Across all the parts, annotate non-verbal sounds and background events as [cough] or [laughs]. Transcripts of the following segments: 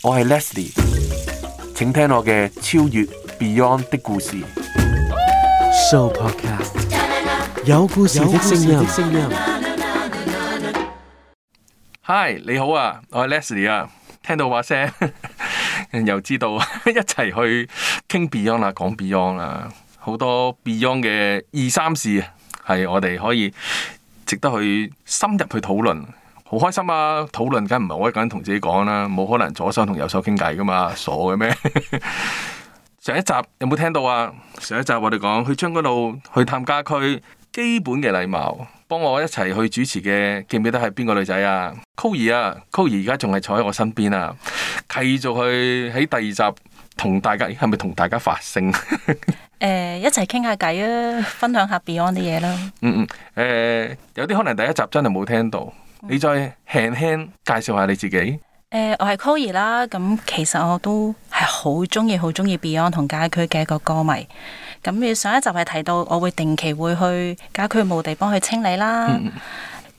我係 Leslie，請聽我嘅超越 Beyond 的故事。So Podcast 有故事有聲音。嗨，你好啊，我係 Leslie 啊，聽到話聲又知道一齊去傾 Beyond 啦、啊，講 Beyond 啦、啊，好多 Beyond 嘅二三事係我哋可以值得去深入去討論。好開心啊！討論緊唔係我一個人同自己講啦、啊，冇可能左手同右手傾偈噶嘛，傻嘅咩？ [laughs] 上一集有冇聽到啊？上一集我哋講去將嗰度去探家區基本嘅禮貌，幫我一齊去主持嘅，記唔記得係邊個女仔啊？Koir 啊，Koir 而家仲係坐喺我身邊啊，繼續去喺第二集同大家，咦係咪同大家發聲？誒、 [laughs] 欸，一齊傾下偈啊，分享下 Beyond 啲嘢啦。嗯嗯，誒、嗯欸，有啲可能第一集真係冇聽到。你再輕輕介紹下你自己。誒、呃，我係 Coyle 啦，咁其實我都係好中意、好中意 Beyond 同家駒嘅一個歌迷。咁上一集係提到，我會定期會去家駒墓地幫佢清理啦。嗯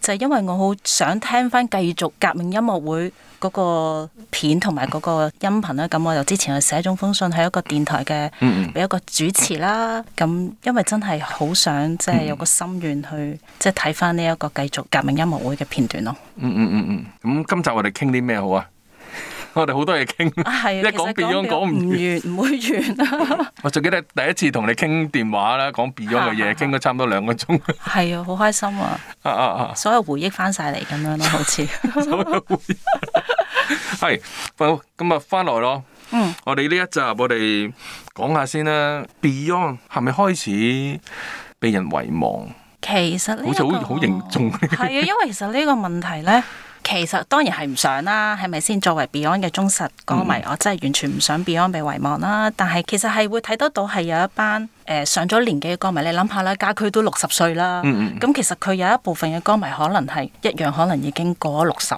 就因為我好想聽翻《繼續革命音樂會》嗰個片同埋嗰個音頻咧，咁我就之前去寫咗封信喺一個電台嘅，俾一個主持啦。咁因為真係好想即係、即係、有個心願去即係睇翻呢一個《繼續革命音樂會》嘅片段咯。 [music] 嗯嗯嗯嗯，咁、嗯嗯、今集我哋傾啲咩好啊？我哋好多嘢傾，一、啊啊、講 Beyond 講唔完，完，唔會完啊！ [laughs] [laughs] 我仲記得第一次同你傾電話啦，講 Beyond 嘅嘢，傾咗、啊啊、差唔多兩個鐘。係啊，好開心啊！啊啊啊！ [laughs] 所有回憶翻晒嚟咁樣咯，好似 [laughs] [laughs] 所有回憶係咁啊！翻來咯，嗯，嗯嗯我哋呢一集我哋講下先啦。Beyond 係咪開始被人遺忘？其實、呢個、好似好凝重，係啊，因為其實呢個問題咧。 [laughs] 其實當然係唔想啦，係咪先？作為 Beyond 嘅忠實歌迷，嗯、我真係完全唔想 Beyond 被遺忘啦。但係其實係會睇得到係有一班誒、呃、上咗年紀嘅歌迷，你諗下啦，家駒都六十歲啦。咁、嗯嗯、其實佢有一部分嘅歌迷可能係一樣，可能已經過咗六十。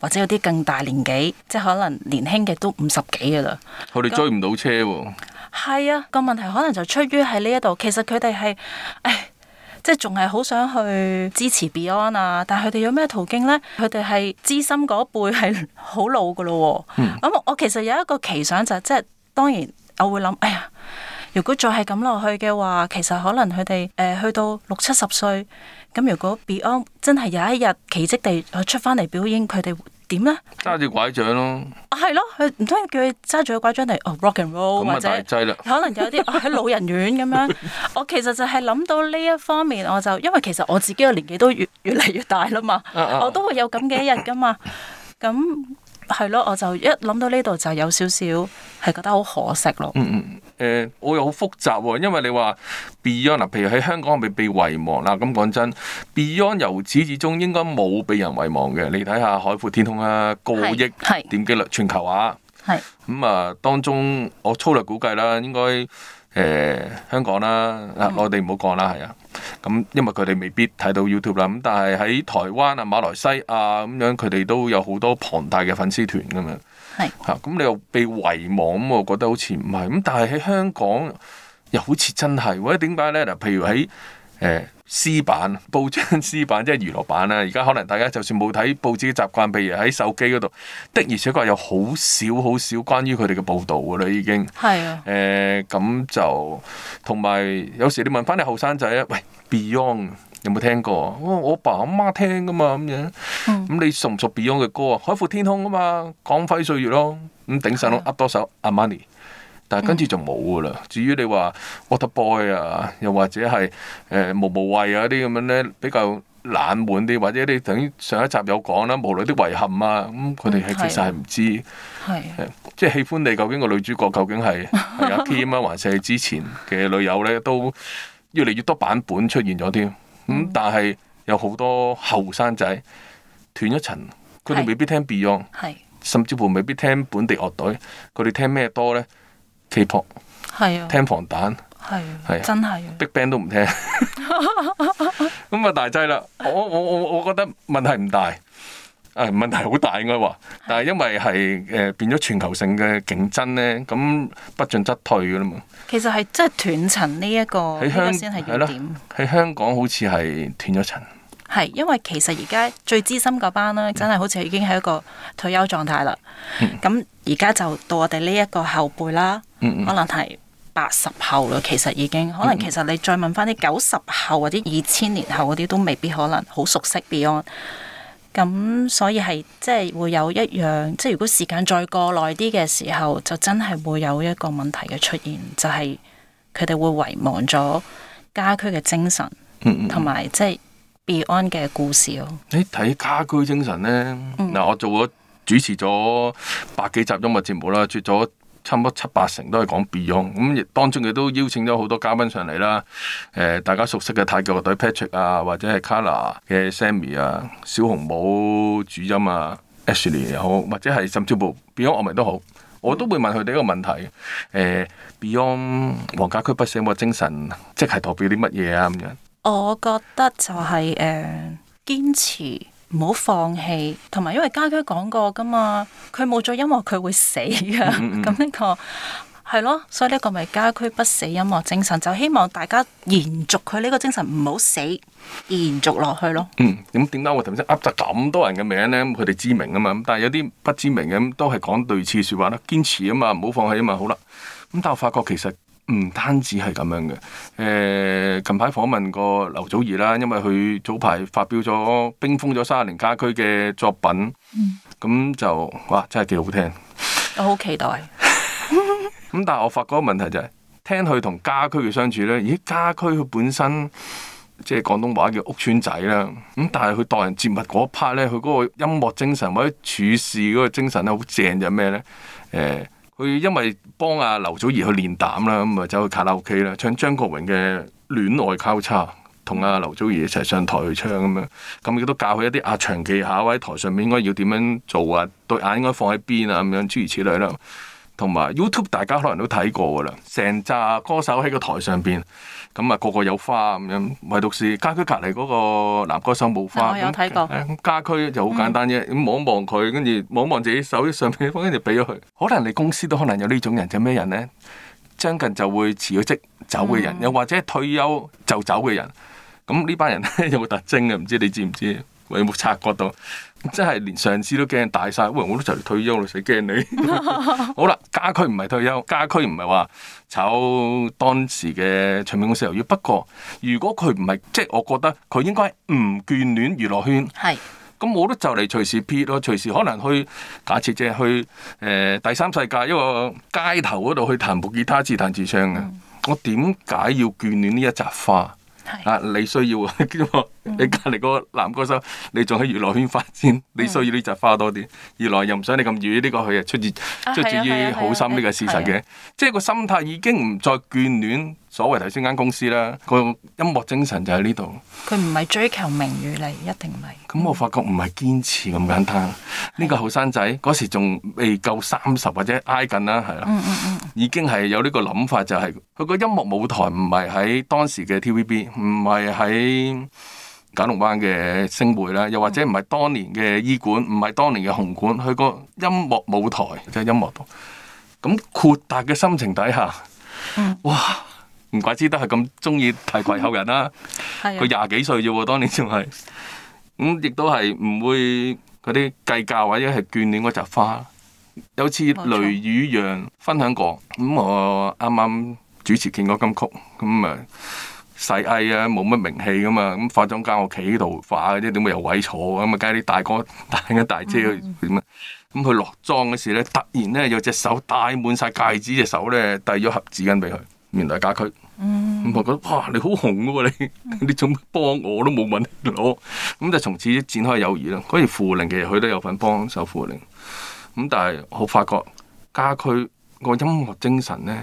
或者有啲更大年紀，即係可能年輕嘅都五十幾噶啦。佢哋追唔到車喎。係啊，個、啊、問題可能就出於喺呢一度。其實佢哋係即係仲係好想去支持 Beyond 啊！但係佢哋有咩途徑呢？佢哋係資深嗰輩係好老噶咯、哦。咁、嗯、我其實有一個奇想就係、是，即係當然我會諗，哎呀，如果再係咁落去嘅話，其實可能佢哋誒去到六七十歲，咁如果 Beyond 真係有一日奇迹地出翻嚟表演，佢哋。點咧？揸住拐杖咯，啊，係咯，佢唔通叫佢揸住個拐杖嚟哦，rock and roll [laughs] 或者可能有啲喺、哎、老人院咁樣。 [laughs] 我其實就係諗到呢一方面，我就因為其實我自己個年紀都越越嚟越大啦嘛， [laughs] 我都會有咁嘅一日噶嘛。咁係咯，我就一諗到呢度就有少少係覺得好可惜咯。嗯嗯。誒、欸、我又好複雜喎、欸，因為你話 Beyond 嗱，譬如喺香港係咪被遺忘啦？咁講真，Beyond 由始至終應該冇被人遺忘嘅。你睇下海闊天空啊，過億點擊率全球化、啊，咁啊是、嗯嗯、當中我粗略估計啦，應該誒、欸、香港啦，啊內地唔好講啦，係啊，咁、嗯嗯嗯、因為佢哋未必睇到 YouTube 啦。咁但係喺台灣啊、馬來西亞咁、啊、樣，佢哋都有好多龐大嘅粉絲團㗎嘛。係嚇，咁你又被遺忘咁喎，我覺得好似唔係咁，但係喺香港又好似真係喎，點解咧？嗱，譬如喺誒 C 版報章 C 版，即係娛樂版啦，而家可能大家就算冇睇報紙嘅習慣，譬如喺手機嗰度的而且確有好少好少關於佢哋嘅報導噶啦，已經係啊誒咁就同埋有時你問翻你後生仔啊，喂 Beyond。有冇聽過？我、哦、我爸阿媽聽噶嘛咁樣。咁你熟唔熟 Beyond 嘅歌啊？海闊天空啊嘛，光輝歲月咯。咁頂上都噏的多首 Amani。但係跟住就冇噶啦。嗯、至於你話 Water Boy 啊，又或者係誒、呃、無無謂啊啲咁樣咧，比較冷門啲。或者你等於上一集有講啦，無淚啲遺憾啊。咁佢哋係其實係唔知，即係的喜歡你究竟個女主角究竟係係阿 k e 啊， [laughs] 還是係之前嘅女友咧？都越嚟越，越多版本出現咗添。咁、嗯、但係有好多後生仔斷咗層，佢哋未必聽 Beyond，係甚至乎未必聽本地樂隊，佢哋聽咩多咧？K-pop 係啊，K-pop 係聽防彈係啊，係係係真係 Big Bang 都唔聽，咁 [laughs] 啊 [laughs] 大劑啦！我我我我覺得問題唔大。誒問題好大應該話，但係因為係誒變咗全球性嘅競爭咧，咁不進則退嘅啦嘛。其實係即係斷層呢一個，應該先係重點。喺香港好似係斷咗層。係因為其實而家最資深嗰班啦，真係好似已經係一個退休狀態啦。咁而家就到我哋呢一個後輩啦，可能係八十後啦，其實已經可能其實你再問翻啲九十後或者二千年後嗰啲都未必可能好熟悉 Beyond。咁所以係即係會有一樣，即係如果時間再過耐啲嘅時候，就真係會有一個問題嘅出現，就係佢哋會遺忘咗家駒嘅精神，同埋即係 beyond 嘅故事咯。誒、嗯嗯嗯，你睇、欸、家駒精神咧，嗱，我做咗主持咗百幾集音樂節目啦，出咗。差唔多七八成都係講 Beyond，咁亦當中佢都邀請咗好多嘉賓上嚟啦。誒，大家熟悉嘅太極隊 Patrick 啊，或者係 Kolor 嘅 Sammy 啊，小紅帽主音啊，Ashley 又好，或者係甚至乎 Beyond 樂迷都好，我都會問佢哋一個問題。誒，Beyond 黃家駒不死嘅精神，即係代表啲乜嘢啊？咁樣，我覺得就係、是、誒、呃、堅持。唔好放棄，同埋因為家駒講過噶嘛，佢冇咗音樂佢會死噶，咁呢個係咯，所以呢個咪家駒不死音樂精神，就希望大家延續佢呢個精神，唔好死，延續落去咯。嗯，咁點解我頭先噏咗咁多人嘅名咧？佢哋知名啊嘛，咁但係有啲不知名嘅都係講類似説話啦，堅持啊嘛，唔好放棄啊嘛，好啦。咁但係我發覺其實。唔單止係咁樣嘅，誒、欸，近排訪問個劉祖兒啦，因為佢早排發表咗冰封咗三十年家駒嘅作品，咁、嗯、就哇，真係幾好聽。我好期待。咁 [laughs] 嗯、但係我發覺個問題就係、是，聽佢同家駒嘅相處咧，咦，家駒佢本身即係廣東話叫屋村仔啦，咁、嗯、但係佢待人接物嗰一 part 咧，佢嗰個音樂精神或者處事嗰個精神咧，好正就咩咧？誒、欸。佢因為幫阿劉祖兒去練膽啦，咁咪走去卡拉 OK 啦，唱張國榮嘅《戀愛交叉》，同阿劉祖兒一齊上台去唱咁樣。咁佢都教佢一啲壓場技巧，喺台上面應該要點樣做啊？對眼應該放喺邊啊？咁樣諸如此類啦。同埋 YouTube，大家可能都睇過噶啦，成紮歌手喺個台上邊。咁啊，個個有花咁樣，唯獨是家居隔離嗰個男歌手冇花。啊，有睇過。家居就好簡單啫，咁望望佢，跟住望望自己手上面嘅，跟住俾咗佢。可能你公司都可能有呢種人，就係咩人呢？將近就會辭咗職走嘅人，嗯、又或者退休就走嘅人。咁呢班人咧 [laughs] 有冇特徵嘅？唔知你知唔知？有冇察覺到？真係連上司都驚大晒，喂！我都就嚟退休啦，使驚你？ [laughs] 好啦，家駒唔係退休，家駒唔係話炒當時嘅唱片公司由於。不過，如果佢唔係，即係我覺得佢應該唔眷戀娛樂圈。係是。咁我都就嚟隨時撇咯，隨時可能去，假設即係去誒、呃、第三世界一個街頭嗰度去彈部吉他自彈自唱嘅。是我點解要眷戀呢一扎花？啊！你需要啊， [laughs] 你隔籬嗰個男歌手，你仲喺娛樂圈發展，你需要呢就花多啲。二來又唔想你咁遠，呢、嗯、個佢啊出自出自於好心、啊。呢個、啊啊啊、事實嘅，啊啊啊、即係個心態已經唔再眷戀。所謂頭先間公司啦，佢個音樂精神就喺呢度。佢唔係追求名譽嚟，一定唔係。咁我發覺唔係堅持咁簡單。呢的個後生仔嗰時仲未夠三十或者挨近啦，係啦，嗯嗯嗯、已經係有呢個諗法、就是，就係佢個音樂舞台唔係喺當時嘅 TVB，唔係喺九龍灣嘅星匯啦，又或者唔係當年嘅伊館，唔係當年嘅紅館。佢個音樂舞台即係音樂度，咁豁達嘅心情底下，嗯、哇！唔怪之得係咁中意提攜後人啦、啊。佢廿、 [laughs] 啊、幾歲啫喎，當年仲係咁，亦、嗯、都係唔會嗰啲計較或者係眷戀嗰扎花。有次雷宇揚分享過，咁我啱啱主持見過《勁歌金曲》啊，咁啊細埃啊冇乜名氣㗎嘛。咁、啊、化妝間我企呢度化嘅啫，點會有位坐咁啊？梗係啲大哥、大媽、大姐去點啊？咁佢落妝嗰時咧，突然咧有隻手戴滿晒戒指，隻手咧遞咗盒紙巾俾佢。原來家駒，咁、嗯、我覺哇你好紅噶、啊、喎你，嗯、 [laughs] 你做乜幫我都冇問題，咁就從此展開友誼啦。嗰時扶靈其實佢都有份幫手扶靈，咁但係我發覺家駒個音樂精神咧，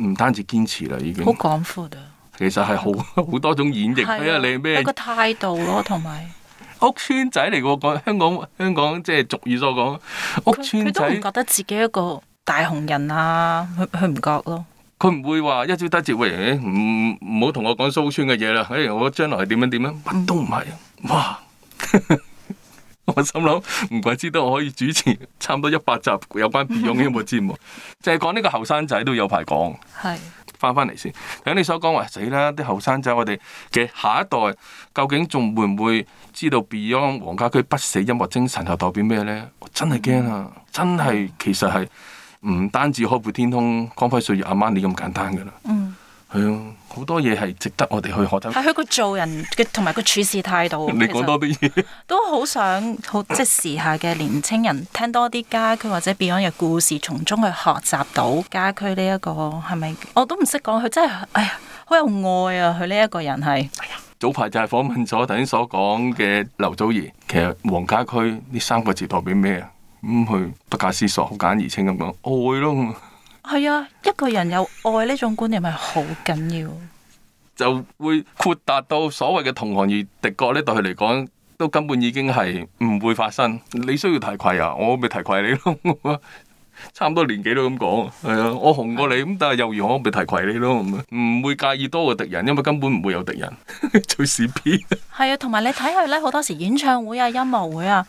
唔單止堅持啦，已經好廣闊啊。其實係好好、啊、多種演繹啊，你咩個態度咯、啊，同埋屋村仔嚟我講香港香港即係俗語所講屋村仔，佢都唔覺得自己一個大紅人啊，佢佢唔覺咯。佢唔會話一朝得一，喂，唔唔好同我講蘇村嘅嘢啦。哎，我將來係點樣點樣，乜都唔係。嗯、哇！ [laughs] 我心諗唔怪之得我可以主持差唔多一百集有關 Beyond 嘅音樂節目，淨係講呢個後生仔都有排講。係翻翻嚟先，咁你所講話死啦，啲後生仔，我哋嘅下一代究竟仲會唔會知道 Beyond 黃家駒不死音樂精神係代表咩咧？我真係驚啊！嗯、真係，其實係。唔單止開闊天空、光輝歲月、阿媽你咁簡單嘅啦，嗯，係啊，好多嘢係值得我哋去學習。係佢個做人嘅，同埋個處事態度。 [laughs] 你講多啲嘢，都好想好即時下嘅年輕人聽多啲家駒或者 Beyond 嘅故事，從中去學習到家駒呢、這、一個係咪？我都唔識講，佢真係哎呀，好有愛啊！佢呢一個人係、哎。早排就係訪問咗頭先所講嘅劉祖兒，其實黃家駒呢三個字代表咩啊？咁、嗯、去不假思索、簡而清咁講愛咯，係啊，一個人有愛呢種觀念，係好緊要，就會豁達到所謂嘅同行與敵國呢對佢嚟講都根本已經係唔會發生。你需要提攜啊，我咪提攜你咯。 [laughs] 差唔多年紀都咁講，係、哎、啊，我紅過你咁，但係又如何？咪提攜你咯，唔唔會介意多個敵人，因為根本唔會有敵人做試片。係啊，同埋你睇佢咧，好多時演唱會啊、音樂會啊，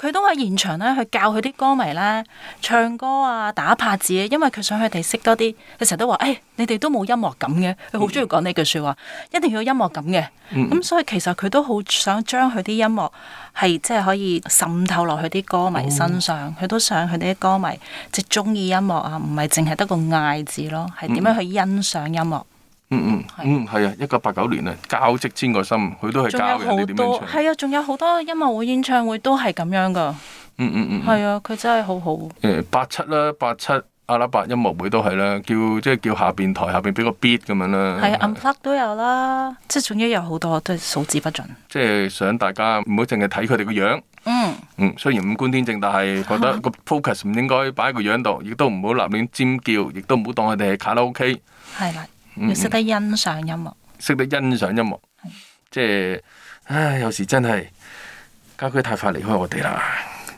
佢都喺現場咧去教佢啲歌迷咧唱歌啊、打拍子、啊，因為佢想佢哋識多啲。佢成日都話，誒、哎，你哋都冇音樂感嘅，佢好中意講呢句説話，嗯、一定要有音樂感嘅。咁、嗯、所以其實佢都好想將佢啲音樂。係即係可以滲透落去啲歌迷身上，佢都、嗯、想佢啲歌迷即係中意音樂啊，唔係淨係得個嗌字咯，係點樣去欣賞音樂？嗯嗯嗯，係啊的，一九八九年啊，交織千個心，佢都係交嘅。仲有好多係啊，仲有好多音樂會演唱會都係咁樣噶、嗯。嗯嗯嗯，係啊，佢真係好好。誒、嗯，八、嗯、七啦，八七。阿拉伯音樂會都係啦，叫即係叫下邊台下邊俾個 beat 咁樣啦。係啊，unplug 都有啦，即係總之有好多都數之不盡。即係想大家唔好淨係睇佢哋個樣。嗯。嗯，雖然五官天正，但係覺得個 focus 唔應該擺喺個樣度，亦都唔好立亂尖叫，亦都唔好當佢哋係卡拉 OK 的。係啦、嗯。要識得欣賞音樂。識、嗯、得欣賞音樂。即係的、就是、唉，有時真係家駒太快離開我哋啦。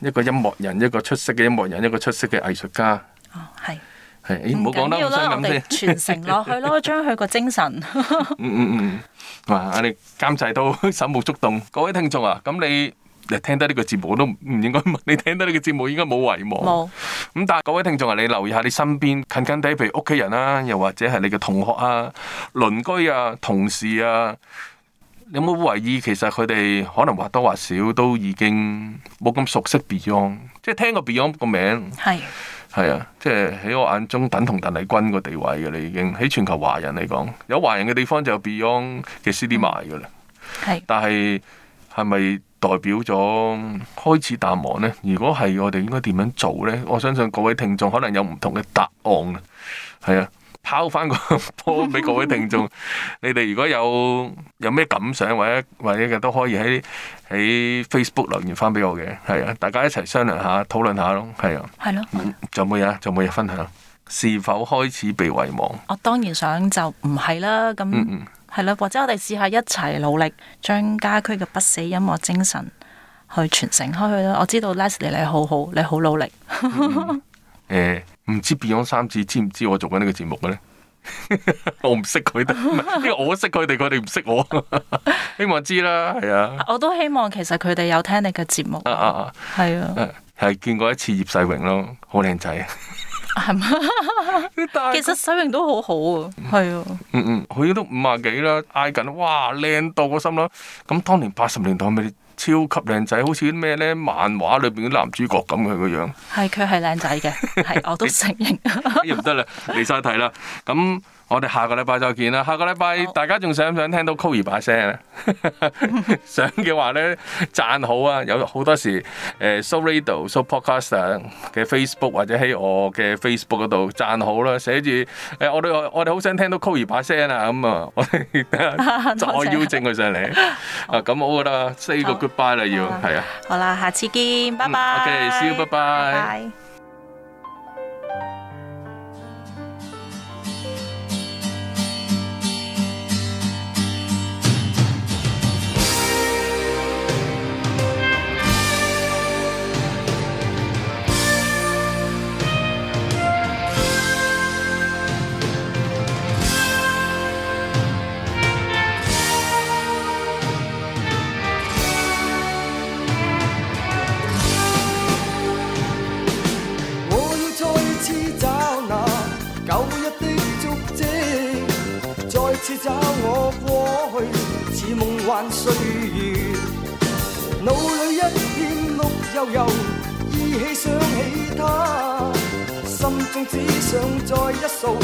一個音樂人，一個出色嘅音樂人，一個出色嘅藝術家。哦，係係，唔好講得咁先了，傳承落去咯，將佢個精神。 [laughs] 嗯嗯嗯，哇！我哋監製都手舞足蹈。各位聽眾啊，咁你聽得呢個節目都唔應該，你聽得呢個節目應該冇遺忘。冇沒。咁但係各位聽眾啊，你留意下你身邊近近哋，譬如屋企人啊，又或者係你嘅同學啊、鄰居啊、同事啊，有冇回憶？其實佢哋可能或多或少都已經冇咁熟悉 Beyond，即係聽過 Beyond 個名。係。係啊，即係喺我眼中等同鄧麗君個地位嘅，你已經喺全球華人嚟講，有華人嘅地方就有 Beyond 嘅 CD 賣嘅啦。係是，但係係咪代表咗開始淡忘呢？如果係，我哋應該點樣做呢？我相信各位聽眾可能有唔同嘅答案。係啊。拋翻個波俾各位聽眾，你哋如果有有咩感想或者或者嘅都可以喺喺 Facebook 留言翻俾我嘅，係啊，大家一齊商量下討論下咯，係啊，係咯的，做冇嘢，做冇嘢分享，是否開始被遺忘？我當然想就唔係啦，咁係啦，或者我哋試下一齊努力將家駒嘅不死音樂精神去傳承開去啦。我知道 Leslie 你好好，你好努力，誒、 [laughs] 嗯嗯。呃唔知變咗三次，知唔知我做緊呢個節目嘅咧？ [laughs] 我唔識佢哋，因為我都識佢哋，佢哋唔識我。 [laughs] 希望知啦，係啊！我都希望其實佢哋有聽你嘅節目啊啊啊！係啊，係、啊、見過一次葉世榮咯，好靚仔啊！ [laughs] 是嗎 [laughs] 其實世榮都好好啊，係啊，嗯 [laughs] 嗯，佢、嗯、都五啊幾啦，嗌緊哇靚到我心啦！咁當年八十年代咩？超級靚仔，好似啲咩咧漫畫裏邊啲男主角咁嘅個樣，樣 [laughs] 。係，佢係靚仔嘅，係我都承認。又唔得啦，離晒題啦。咁、嗯。我哋下個禮拜再見啦！下個禮拜大家仲想唔想聽到 Koey 把聲咧？ [laughs] 想嘅話咧，贊好啊！有好多時誒 So Radio、呃、s so o、so、p o d c a s t e r 嘅 Facebook 或者喺我嘅 Facebook 嗰度贊好啦、啊，寫住誒、呃、我哋我哋好想聽到 Koey 把聲啊！咁啊，我等下就我要整佢上嚟 [laughs] 啊！咁我覺得 Say 個 Goodbye 啦 [laughs] 好要係好啊！好啦，下次見，拜拜。Okay，See you，拜拜。悠悠依稀想起他，心中只想再一訴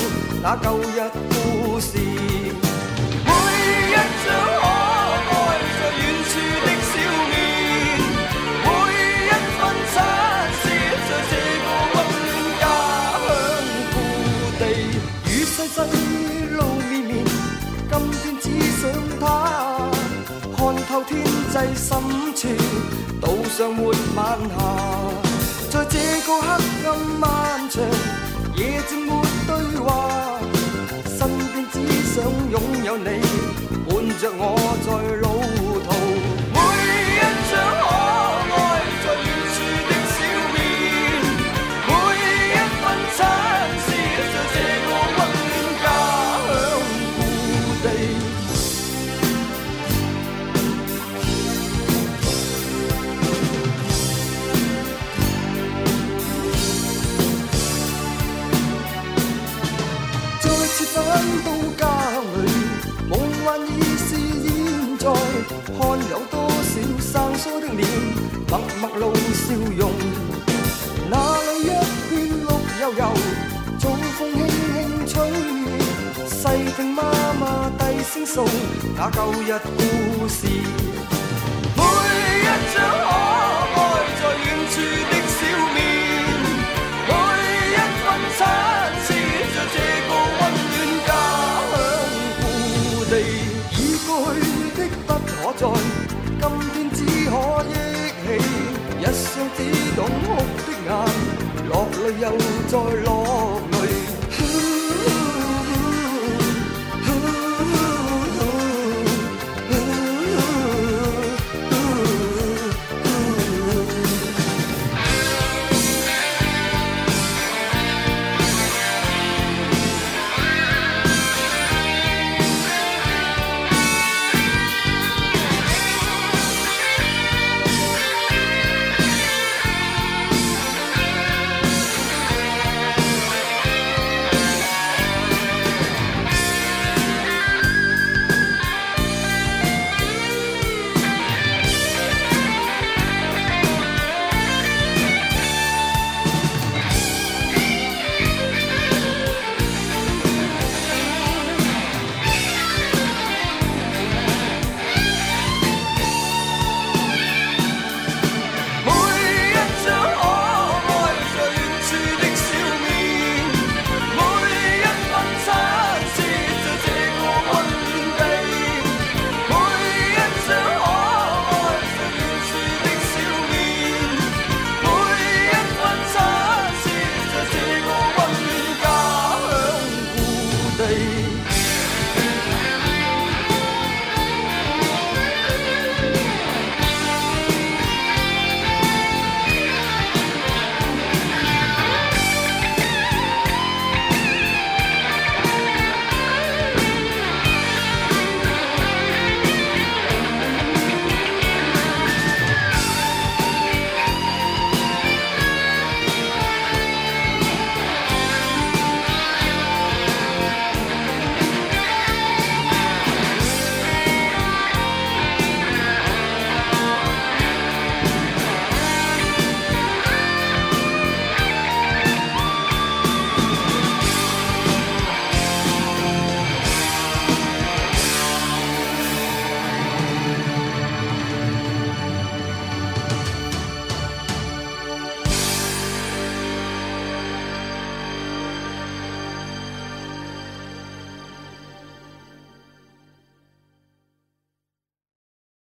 那舊日故事，每一張可愛在遠處。深處，島上沒晚霞，在這個黑暗漫長，夜靜沒對話，身邊只想擁有你，伴着我在。有多少生疏的你，默默露笑容。那裏一片綠幽幽，早風輕輕吹。細聽媽媽低聲訴那舊日故事。每一張可愛在遠處的笑面，每一分親切在這個溫暖家鄉故地。已過去的不可再。只懂哭的眼，落淚又再落淚。